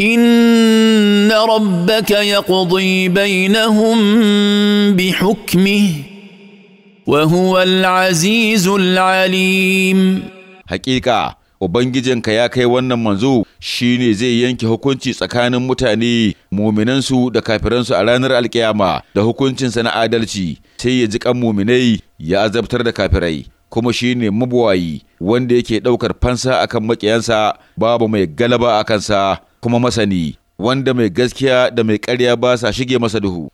ان ربك يقضي بينهم بحكمه وهو العزيز العليم حقيقه Ubangijinka ya kai wannan manzo shi ne zai yanke hukunci tsakanin mutane muminansu da kafiransu a ranar alkiyama da hukuncinsa na adalci sai ya ji kan muminai ya azabtar da kafirai kuma shi ne mabuwayi wanda yake ɗaukar fansa akan maƙiyansa babu mai galaba a kansa kuma masani wanda mai gaskiya da mai ƙarya ba sa shige masa duhu